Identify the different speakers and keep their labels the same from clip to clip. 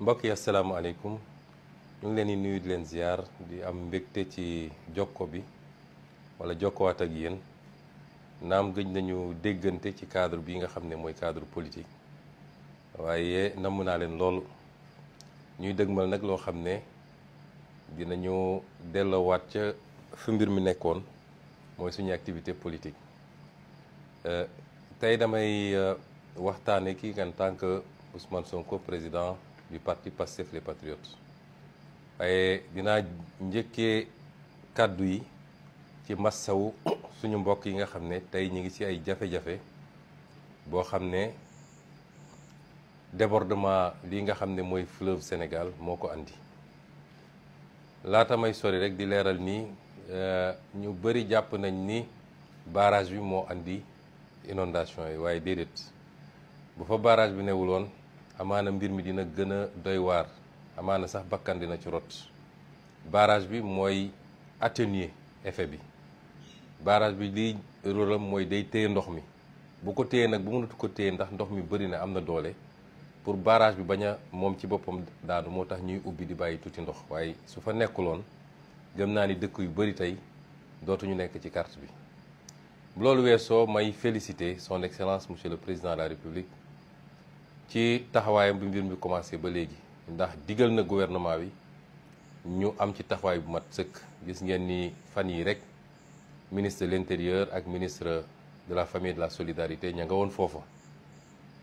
Speaker 1: mbokk yi asalaamaaleykum ñu ngi leen di nuyu di leen ziar di am mbégte ci jokko bi wala jokkowaat ak yéen naam gëj nañu déggante ci cadre bi nga xam ne mooy cadre politique waaye namm naa leen lool ñuy dëgmal nag loo xam ne dinañu delloowaat ca fi mbir mi nekkoon mooy suñu activité politique. Euh, tey damay euh, waxtaane kii en tant que Ousmane Sonko président du parti Pastef les Patriotes waaye dinaa njëkkee kàddu yi ci massawu suñu mbokk yi nga xam ne tey ñu ngi ci ay jafe-jafe boo xam ne débordement lii nga xam ne mooy fleuve Sénégal moo ko andi laata may sori rek di leeral nii euh, ñu bëri jàpp nañ ni barrage bi moo andi inondation yi waaye déedéet bu fa barrage bi newul woon amaana mbir mi dina gën a doy waar amaana sax bakkan dina ci rot barrage bi mooy atténuer effet bi barrage bi liy rôlam mooy day téye ndox mi bu ko téyee nag bu mënatu ko téye ndax ndox mi bëri na am na doole pour barrage bi bañ a moom ci boppam daanu moo tax ñuy ubbi di bàyyi tuuti ndox waaye su fa nekkuloon gëm naa ni dëkk yu bëri tey dootuñu nekk ci kart bi loolu soo may féliciter son excellence monsieur le président la république ci taxawaayam bi mbir mi commencé ba léegi ndax digal na gouvernement bi ñu am ci taxawaay bu mat sëkk gis ngeen ni fan yi rek ministre de l'intérieur ak ministre de la famille de la solidarité ña nga woon foofa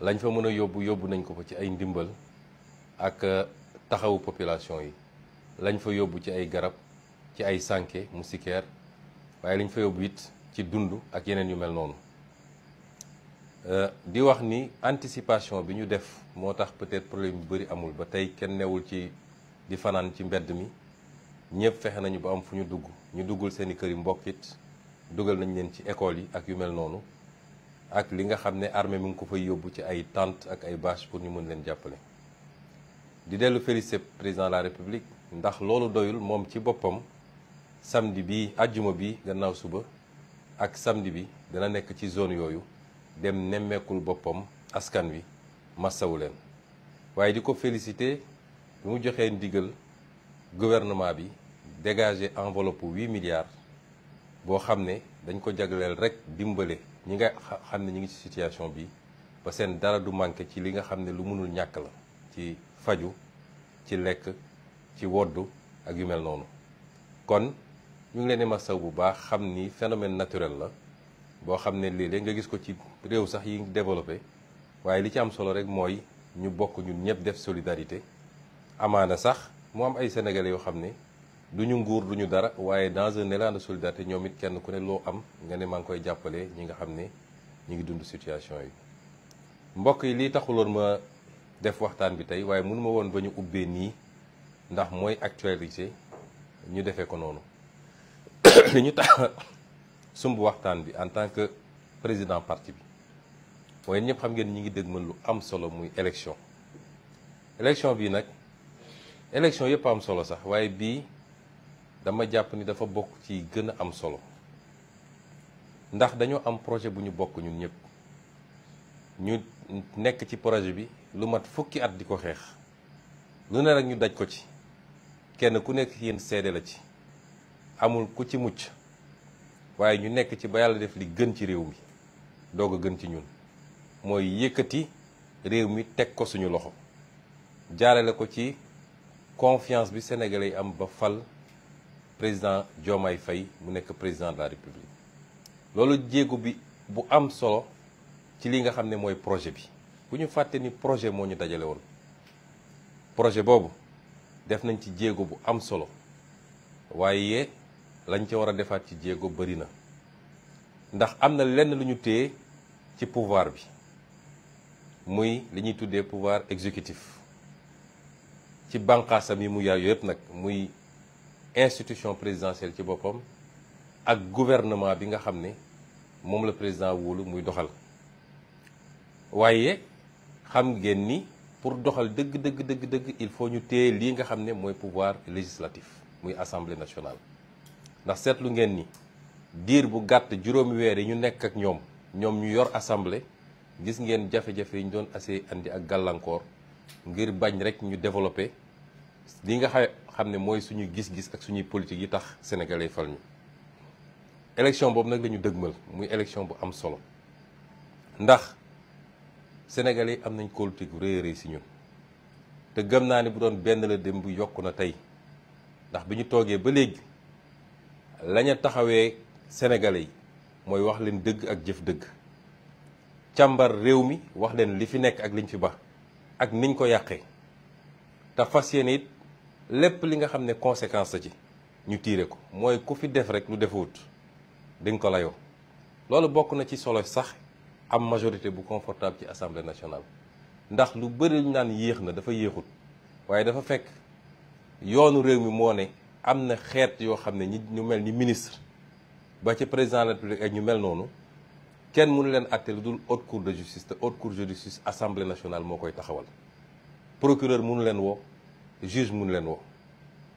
Speaker 1: lañ fa mën a yóbbu yóbbu nañ ko fa ci ay ndimbal ak euh, taxawu population yi lañ fa yóbbu ci ay garab ci ay sànke moustiquaire waaye lañ fa yóbbu it ci dund ak yeneen yu mel noonu euh, di wax ni anticipation bi ñu def moo tax peut-être problème yu bëri amul ba tey kenn newul ci di fanaan ci mbedd mi ñëpp fexe nañu ba am fu ñu dugg ñu duggul seeni kër yi mbokkit dugal nañ leen ci école yi ak yu mel noonu ak li nga xam ne armée mi ngi ko fay yóbbu ci ay tente ak ay bâche pour ñu mën leen jàppale di dellu félicité président la république ndax loolu doyul moom ci boppam samedi bi àjjuma bi gannaaw suba ak samedi bi dana nekk ci zone yooyu dem nemmeekul boppam askan wi massawu leen waaye di ko félicité bi mu joxee ndigal gouvernement bi dégager enveloppe huit milliards boo xam ne dañ ko jagleel rek dimbale ñi nga xam ne ñi ngi ci situation bi ba seen dara du manqué ci li nga xam ne lu mënul ñàkk la ci faju ci lekk ci woddu ak yu mel noonu ñu ngi leen di masaw bu baax xam ni phénomène naturel la boo xam ne léeg-léeg nga gis ko ci réew sax yi développé waaye li ci am solo rek mooy ñu bokk ñu ñëpp def solidarité amaana sax mu am ay sénégalais yoo xam ne duñu nguur du ñu dara waaye dans un élan de solidarité ñoom it kenn ku ne loo am nga ne maa ngi koy jàppale ñi nga xam ne ñu ngi dund situation yi. mbokk yi lii taxuloon ma def waxtaan bi tey waaye mënu ma woon ba ñu ubbee nii ndax mooy actualité ñu defee ko noonu. li ñu tax sumb waxtaan bi en tant que président parti bi mooy ñëpp xam ngeen ñi ngi dégmal lu am solo muy élection élection bii nag élection yëpp am solo sax waaye bii dama jàpp ni dafa bokk ci gën a am solo ndax dañoo am projet bu ñu bokk ñun ñëpp ñu nekk ci projet bi lu mat fukki at di ko xeex lu ne rek ñu daj ko ci kenn ku nekk yéen seede la ci amul ku ci mucc waaye ñu nekk ci ba yàlla def li gën ci réew mi doog a gën ci ñun mooy yëkkati réew mi teg ko suñu loxo jaarale ko ci confiance bi sénégalais yi am ba fal président Diomaye Faye mu nekk président de la république loolu jéego bi bu am solo ci li nga xam ne mooy projet bi ku ñu fàtte ni projet moo ñu dajale woon projet boobu def nañ ci jéego bu am solo waaye lañ ca war a defaat ci jéego bëri na ndax am na lenn lu ñu téye ci pouvoir bi muy li ñuy tuddee pouvoir exécutif ci bànqaasam yi mu yaay yëpp nag muy institution présidentielle ci boppam ak gouvernement bi nga xam ne moom la président wóolu muy doxal waaye xam ngeen ni pour doxal dëgg dëgg dëgg dëgg il faut ñu téye lii nga xam ne mooy pouvoir législatif muy assemblée nationale ndax seetlu ngeen ni diir bu gàtt juróomi weer yi ñu nekk ak ñoom ñoom ñu yor assemblée gis ngeen jafe-jafe yi ñu doon assez indi ak gàllankoor ngir bañ rek ñu développé li nga xam ne mooy suñu gis-gis ak suñuy politique yi tax sénégalais fal ñu. boobu nag lañu ñu dëgmal muy élection bu am solo ndax sénégalais am nañ politique réy réy si ñun te gëm naa ne bu doon benn la dem bu yokk na tey ndax bi ñu toogee ba léegi. laña taxawee sénégalais yi mooy wax leen dëgg ak jëf dëgg càmbar réew mi wax leen li fi nekk ak liñ fi ba ak niñ ko yàqee te fas yéene it lépp li nga xam ne conséquence la ci ñu tiire ko mooy ku fi def rek lu defuwut di nga ko layoo loolu bokk na ci solo sax am majorité bu confortable ci assemblée nationale ndax lu bëri ñu naan yéex na dafa yéexut waaye dafa fekk yoonu réew mi moo ne am na xeet yoo xam ne ñi ñu mel ni ministre ba ci président de ak ñu mel noonu kenn mënu leen àtte lu dul haute cour de justice te haute cour de justice assemblée nationale moo koy taxawal procureur mënu leen woo juge mënu leen woo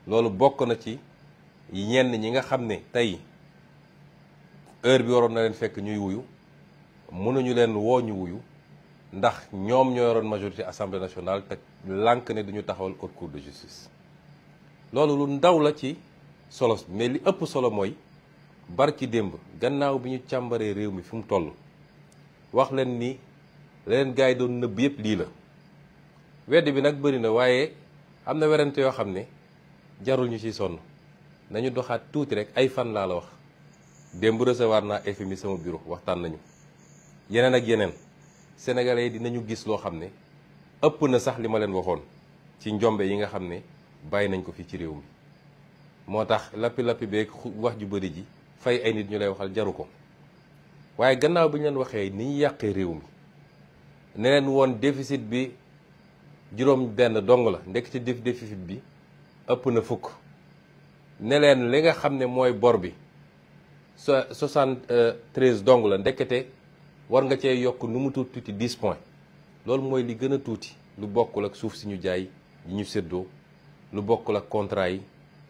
Speaker 1: loolu bokk na ci ñenn ñi nga xam ne tey heure bi waroon na leen fekk ñuy wuyu mënuñu leen woo ñu wuyu ndax ñoom ñoo yoroon majorité assemblée nationale te lànk ne duñu taxawal haute cour de justice loolu lu ndaw la ci solo mais li ëpp solo mooy bar ci démb gannaaw bi ñu càmbaree réew mi fu mu toll wax leen ni leneen gars yi doon nëbb yëpp lii la wedd bi nag bëri na waaye am na werante yoo xam ne jarul ñu ci sonn nañu doxaat tuuti rek ay fan laa la wax démb recevoir naa FMI sama bureau waxtaan nañu yeneen ak yeneen sénégalais yi dinañu gis loo xam ne ëpp na sax li ma leen waxoon ci njombe yi nga xam ne bàyyi nañ ko fii ci réew mi moo tax lappi-lappi beeg wax ju bëri ji fay ay nit ñu lay waxal jaru ko waaye gannaaw bi ñu leen waxee ni ñu yàqee réew mi ne leen woon déficit bi juróom benn dong la ndekk ci def déficit bi ëpp na fukk ne li nga xam ne mooy bor bi soixante-treize dong la ndekete war nga cee yokk nu mu tuuti tuuti point loolu mooy li gën a tuuti lu bokkul ak suuf si ñu jaay yi ñu séddoo lu bokkul ak contrat yi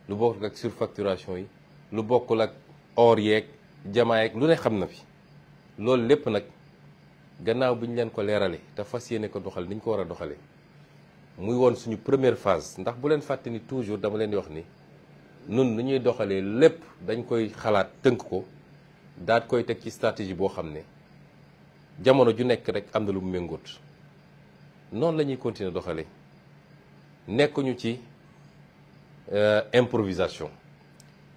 Speaker 1: lu bokkul ak surfacturation yi lu bokkul ak or yeeg jamaa yeeg lu ne xam na fi loolu lépp nag gannaaw bi ñu leen ko leeralee te fas yéene ko doxal ni ñu ko war a doxalee muy woon suñu première phase ndax bu leen fàtte ni toujours dama leen di wax ni nun nu ñuy doxalee lépp dañ koy xalaat tënk ko daat koy teg ci stratégie boo xam ne jamono ju nekk rek am na lu mu méngóot noonu la ñuy doxale doxalee nekkuñu ci. Euh, improvisation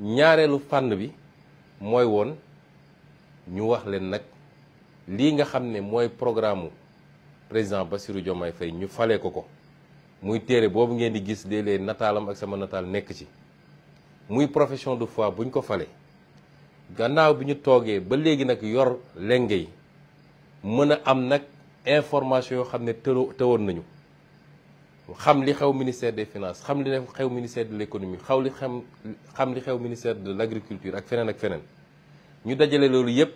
Speaker 1: ñaareelu fànn bi mooy woon ñu wax leen nag lii nga xam ne mooy programme président ba Bassirou Diomaye Faye ñu fale ko ko muy téere boobu ngeen di gis léeg-léeg nataalam ak sama nataal nekk ci muy profession de foi buñ ko fale gannaaw bi ñu toogee ba léegi nag yor lenge yi mën a am nag information yoo xam ne tëwoon nañu xam li xew ministère des finances xam li xew ministère de l'économie xaw li xam xam li xew ministère de l'agriculture ak feneen ak feneen ñu dajale loolu yépp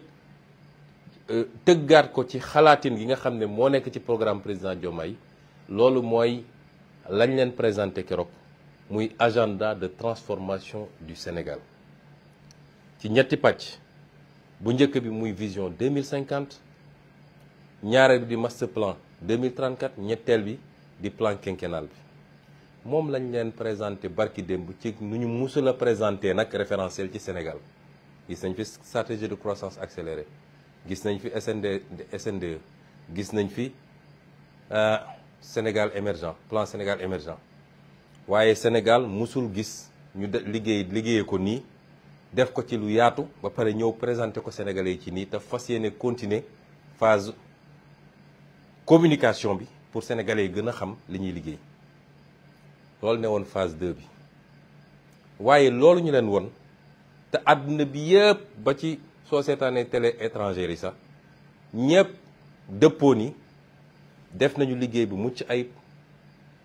Speaker 1: euh, tëggaat ko ci xalaatin gi nga xam ne moo nekk ci programme président jomay loolu mooy lañ leen présenté keroog muy agenda de transformation du Sénégal ci ñetti pàcc bu njëkk bi muy vision 2050 ñaareel bi di master plan 2034 ñetteel bi di plan quinquennal bi moom lañ leen présenté barki démb ci nu ñu musul a présenté nag référentiel ci Sénégal gis nañ fi stratégie de croissance accélérée gis nañ fi SND SNDE gis nañ fi euh, Sénégal émergent plan Sénégal émergent waaye Sénégal musul gis ñu de liggéey liggéeyee ko nii def ko ci lu yaatu ba pare ñëw présenté ko Sénégalais yi ci nii te fas yéene continuer phase communication bi pour sénégalais yi gën a xam li ñuy liggéey loolu ne woon phase 2 bi waaye loolu ñu leen won te àdduna bi yëpp ba ci soo seetaanee télé étrangère yi sax ñëpp dëppoo ni def nañu liggéey bu mucc ay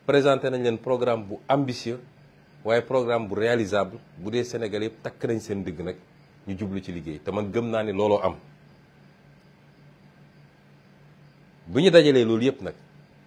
Speaker 1: présenté nañ leen programme bu ambitieux waaye programme bu réalisable bu dee Sénégal yëpp takk nañ seen digg nag ñu jublu ci liggéey te man gëm naa ne looloo am bu ñu dajalee loolu yëpp nag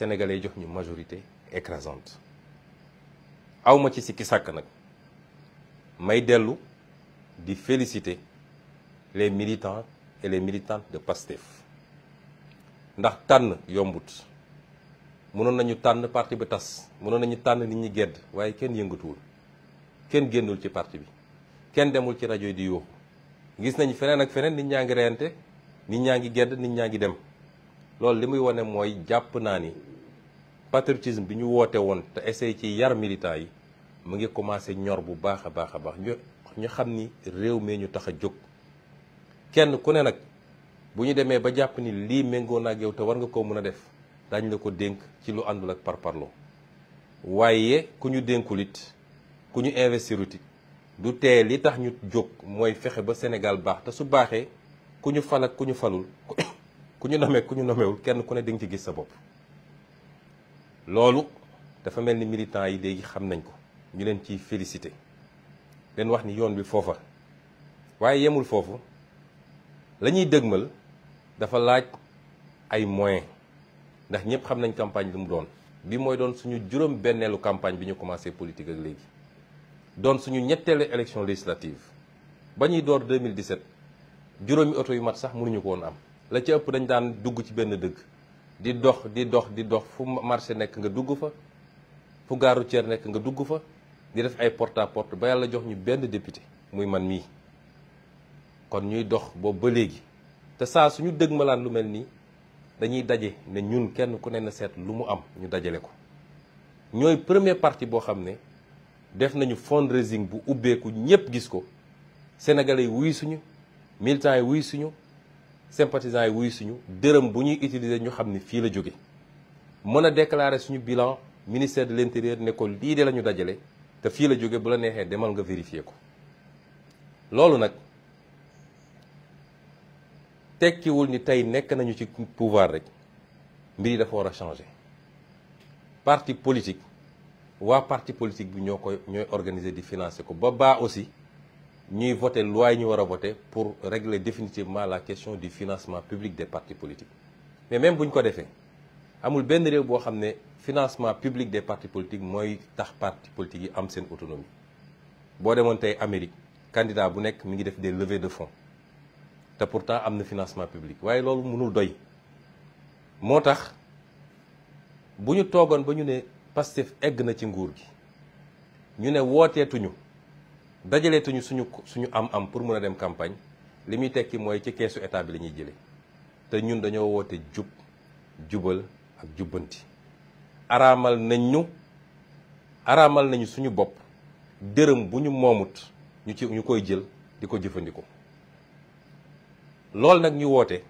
Speaker 1: sénégalais jox ñu majorité écrasante awma ci sikki sàkk nag may dellu di félicité les militants et les militantes de PASTEF ndax tànn yombut mënoon nañu tànn parti ba tas mënoon nañu tànn nit ñi gedd waaye kenn yëngatuwul kenn génnul ci parti bi kenn demul ci rajo yi di yooxu gis nañu feneen ak feneen nit ñaa ngi reyante nit ñaa ngi gedd nit ñaa ngi dem loolu li muy wane mooy jàpp naa ni patriotisme bi ñu woote woon te essayé ci yar militant yi mu ngi commencé ñor bu baax a baax a baax ñu ñu xam ni réew mi ñu tax a jóg kenn ku ne nag bu ñu demee ba jàpp ni lii méngoo na ak yow te war nga koo mën a def daañu la ko dénk ci lu àndul ak parloo waaye ku ñu dénkul it ku ñu investirut it du tee li tax ñu jóg mooy fexe ba Sénégal baax te su baaxee ku ñu fal ak ku ñu falul ku ñu nomee ku ñu nomewul kenn ku ne di nga ci gis sa bopp loolu dafa mel ni militants yi léegi xam nañ ko ñu leen ciy félicité leen wax ni yoon bi foofa waaye yemul foofu la ñuy dëgmal dafa laaj ay moyens ndax ñëpp xam nañ campagne lu mu doon bi mooy doon suñu juróom benneelu campagne bi ñu commencé politique ak léegi doon suñu ñetteelu élection législative ba ñuy door 2017 juróomi oto yu mat sax mënuñu ko woon am la ca ëpp dañ daan dugg ci benn dëkk di dox di dox di dox fu marché nekk nga dugg fa fu gaaru routière nekk nga dugg fa di def ay porte à ba yàlla jox ñu benn député muy man mii kon ñuy dox boobu ba léegi te saa suñu dëgg malaan lu mel nii dañuy daje ne ñun kenn ku ne na seet lu mu am ñu dajale ko ñooy premier parti boo xam ne def nañu fundraising bu ubbeeku ñëpp gis ko sénégalais yi wuy suñu militants yi wuy suñu sympathisants yi wuy suñu dërëm bu ñuy utiliser ñu xam ni fii la jóge mën a déclarer suñu bilan ministère de l'intérieur ne ko lii de la ñu dajale te fii la jóge bu la neexee demal nga vérifier ko loolu nag tekkiwul ni tey nekk nañu ci pouvoir rek mbir yi dafa war a changé parti politique waa parti politique bi ñoo koy ñooy organiser di financer ko ba baa aussi ñuy voter loi yi ñu war a voter pour régler définitivement la question du financement public des partis politiques mais même bu ñu ko defee amul benn réew boo xam ne financement public des partis politiques mooy tax partis politiques yi am seen autonomie boo demoon tey Amérique candidat bu nekk mi ngi def des levées de fonds te pourtant am na financement public waaye loolu mënul doy moo tax bu ñu toogoon ba ñu ne Pastef egg na ci nguur gi ñu ne wooteetuñu dajalee dajaleetuñu suñu ko suñu am-am pour mën a dem campagne li muy tekki mooy ci keesu état bi la ñuy jëlee te ñun dañoo woote jub jubal ak jubbanti. araamal nañ ñu araamal nañu suñu bopp dërëm bu ñu moomut ñu ci ñu koy jël di ko jëfandikoo loolu nag ñu woote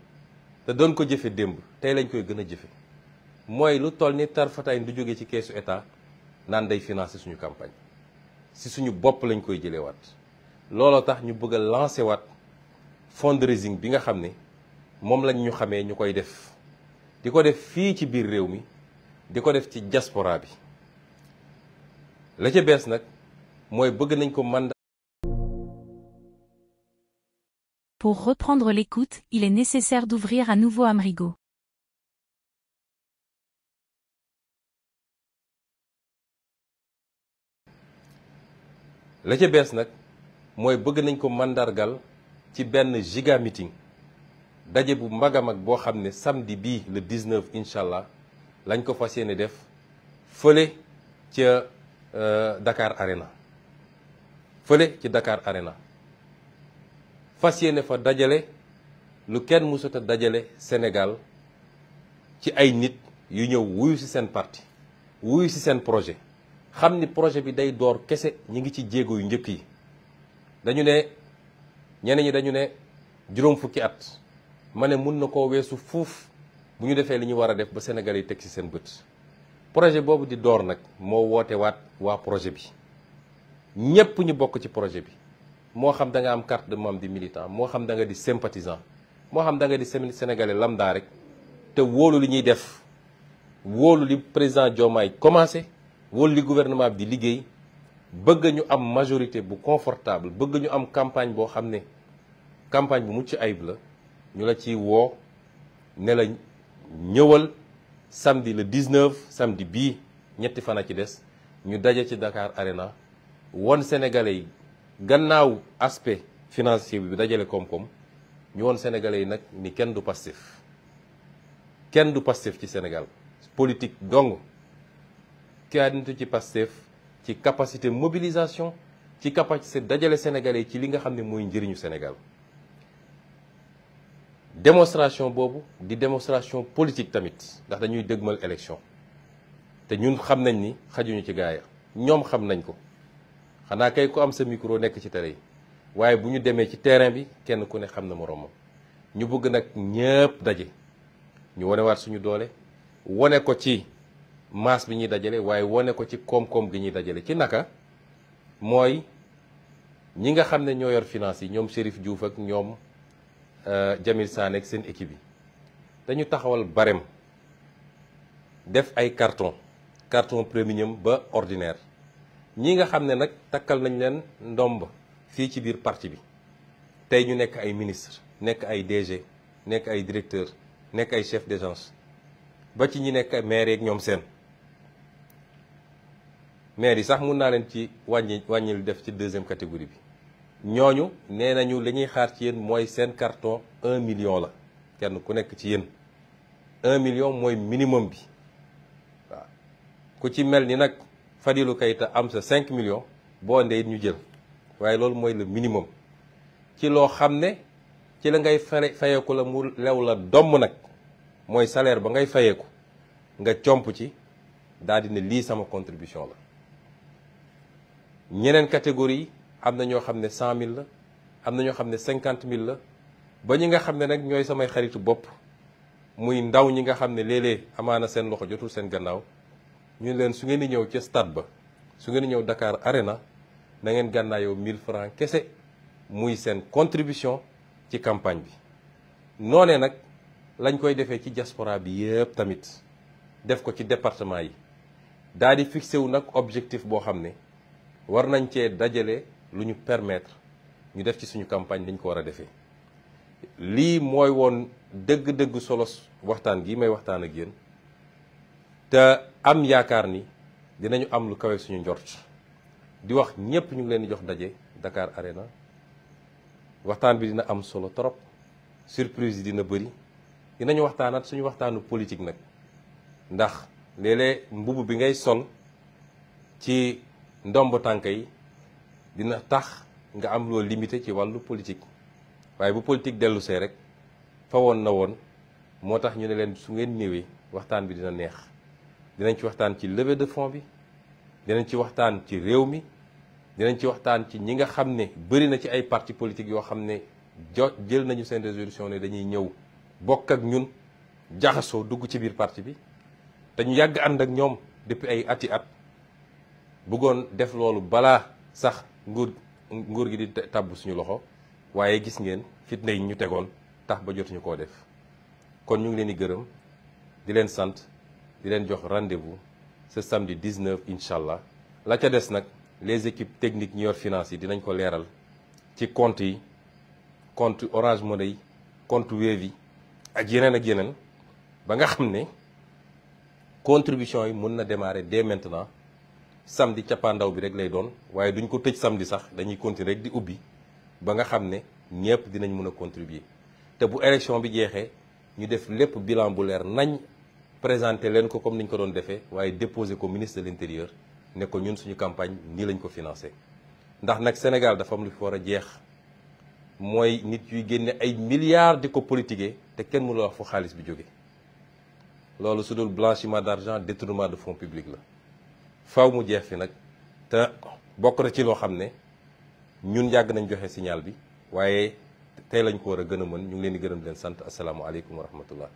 Speaker 1: te doon ko jëfe démb tey lañ koy gën a jëfe mooy lu toll ni tarfataay du jóge ci keesu état naan day financer suñu campagne. si suñu bopp lañ koy jëlee waat looloo tax ñu bëgg a lancer waat fundraising bi nga xam ne moom lañ ñu xamee ñu koy def di ko def fii ci biir réew mi di ko def ci diaspora bi la ca bees nag mooy bëgg nañ ko mandat. Pour reprendre l'écoute, il est nécessaire d'ouvrir à nouveau Amrigo. la ca bees nag mooy bëgg nañ ko màndargal ci benn giga meeting daje bu mag a mag boo xam ne samedi bi le 19 incha allah lañ ko fas yéene def fële ca euh, Dakar Arena fële ci Dakar Arena fas yéene fa dajale lu kenn mësut dajale Sénégal ci ay nit yu ñëw wuyu ci seen parti wuyu ci seen projet xam ni projet bi day door kese ñi ngi ci jéego yu njëkk yi dañu ne ñeneen ñi dañu ne juróom fukki at ma ne mun na koo weesu fuuf bu ñu defee li ñu war a def ba Sénégal yi teg ci seen bët projet boobu di door nag moo woote waat waa projet bi ñépp ñu bokk ci projet bi moo xam danga am carte de membre di militant moo xam da nga di sympathisant moo xam da nga di sénégalais lambda rek te woolu li ñuy def wóolu li président Diomaye commencé wala li gouvernement bi liggéey bëgg ñu am majorité bu confortable bëgg ñu am campagne boo xam ne campagne bu mucc ayib la ñu la ci woo ne la ñëwal samedi le 19 samedi bii ñetti fan a ci des ñu daje ci Dakar Arena won sénégalais yi gannaaw aspect financier bi dajale koom-koom ñu won sénégalais yi nag ni kenn du Pastef kenn du Pastef ci Sénégal politique dong Tivaouane ci Pastef ci capacité mobilisation ci capacité dajale sénégalais ci li nga xam ne mooy njëriñu Sénégal démonstration boobu di démonstration politique tamit ndax dañuy dëgmal élection te ñun xam nañ ni xajuñu ci gaaya ñoom xam nañ ko xanaa kay ku am sa micro nekk ci tere yi waaye bu ñu demee ci terrain bi kenn ku ne xam na moroomam ñu bëgg nag ñëpp daje ñu wanewaat suñu doole wane ko ci masse bi ñuy dajale waaye wane ko ci koom-koom gi ñuy dajale ci naka mooy ñi nga xam ne ñoo yor finance yi ñoom Chérif Diouf ak ñoom euh, Jamil Sané ak seen équipe yi dañu taxawal barème def ay carton carton premium ba ordinaire ñi nga xam ne nag takkal nañ leen ndomb fii ci biir parti bi tey ñu nekk ay ministre nekk ay DG nekk ay directeur nekk ay chef d'agence ba ci ñi nekk maire yeeg ñoom seen maire yi sax mun naa leen ci wàññi wàññil def ci deuxième catégorie bi ñooñu nee nañu li ñuy xaar ci yéen mooy seen carton un million la kenn ku nekk ci yéen un million mooy minimum bi waaw ku ci mel ni nag Fadilou Keita am sa cinq millions boo ndee ñu jël waaye loolu mooy le minimum ci loo xam ne ci la ngay fay fayeeku la mu lew la domm nag mooy salaire ba ngay fayeeku nga comp ci daal di ne lii sama contribution la ñeneen catégorie am na ñoo xam ne cent mille la am na ñoo xam ne cinquante mille la ba ñi nga xam ne nag ñooy samay xaritu bopp muy ndaw ñi nga xam ne léeg-léeg amaana seen loxo jotul seen gannaaw ñu leen su ngeen di ñëw ca stade ba su ngeen ñëw Dakar Arena na ngeen gànnaayoo mille francs kese muy seen contribution ci campagne bi. noonee nag lañ koy defee ci diaspora bi yëpp tamit def ko ci département yi daal di fixé wu nag objectif boo xam ne. war nañ cee dajale lu ñu permettre ñu def ci suñu campagne ni ko war a defee lii mooy woon dëgg-dëgg solo waxtaan gi may waxtaan ak yéen te am yaakaar ni dinañu am lu kawe suñu njort di wax ñépp ñu ngi leen di jox daje Dakar Arena waxtaan bi dina am solo trop surprise yi dina bëri dinañu waxtaanaat suñu waxtaanu politique nag ndax léeg mbubb bi ngay sol ci ndomb tànk yi dina tax nga am loo limité ci wàllu politique waaye bu politique dellu see rek fa woon na woon moo tax ñu ne leen su ngeen ñëwee waxtaan bi dina neex dinañ ci waxtaan ci leve de fonds bi dinañ ci waxtaan ci réew mi dinañ ci waxtaan ci ñi nga xam ne bëri na ci ay parti politique yoo xam ne jo jël nañu seen résolution ne dañuy ñëw bokk ak ñun jaxasoo dugg ci biir parti bi dañu yàgg ànd ak ñoom depuis ay ati at bëggoon def loolu balaa sax nguur nguur gi di tàbb suñu loxo waaye gis ngeen fitna yi ñu tegoon tax ba jotuñu koo def kon ñu ngi leen di gërëm di leen sant di leen jox rendez-vous ce samedi 19 incha allah la ca des nag les équipes techniques ñi yor finance yi dinañ ko leeral ci compte yi compte Orange Money yi compte Wave ak yeneen ak yeneen ba nga xam ne contribution yi mun na démarrer dès maintenant samedi cappaandaw bi rek lay doon waaye duñ ko tëj samedi sax dañuy continuer di ubbi ba nga xam ne ñëpp dinañ mën a contribuer te bu élection bi jeexee ñu def lépp bilan bu leer nañ présenter leen ko comme ni ñu ko doon defee waaye déposer ko ministre de l'intérieur ne ko ñun suñu campagne nii lañ ko financé ndax nag Sénégal dafa am lu fi war a jeex mooy nit yuy génne ay milliards di ko politiquer te kenn mënul wax fu xaalis bi jóge loolu su dul blanchiment d'argent détournement de fonds publics la faw mu jeex fi nag te bokk na ci loo xam ne ñun yàgg nañ joxe siñaal bi waaye tey lañ ko war a gën a mën ñu ngi leen di gërëm leen sant asalaamualeykum wa rahmatullah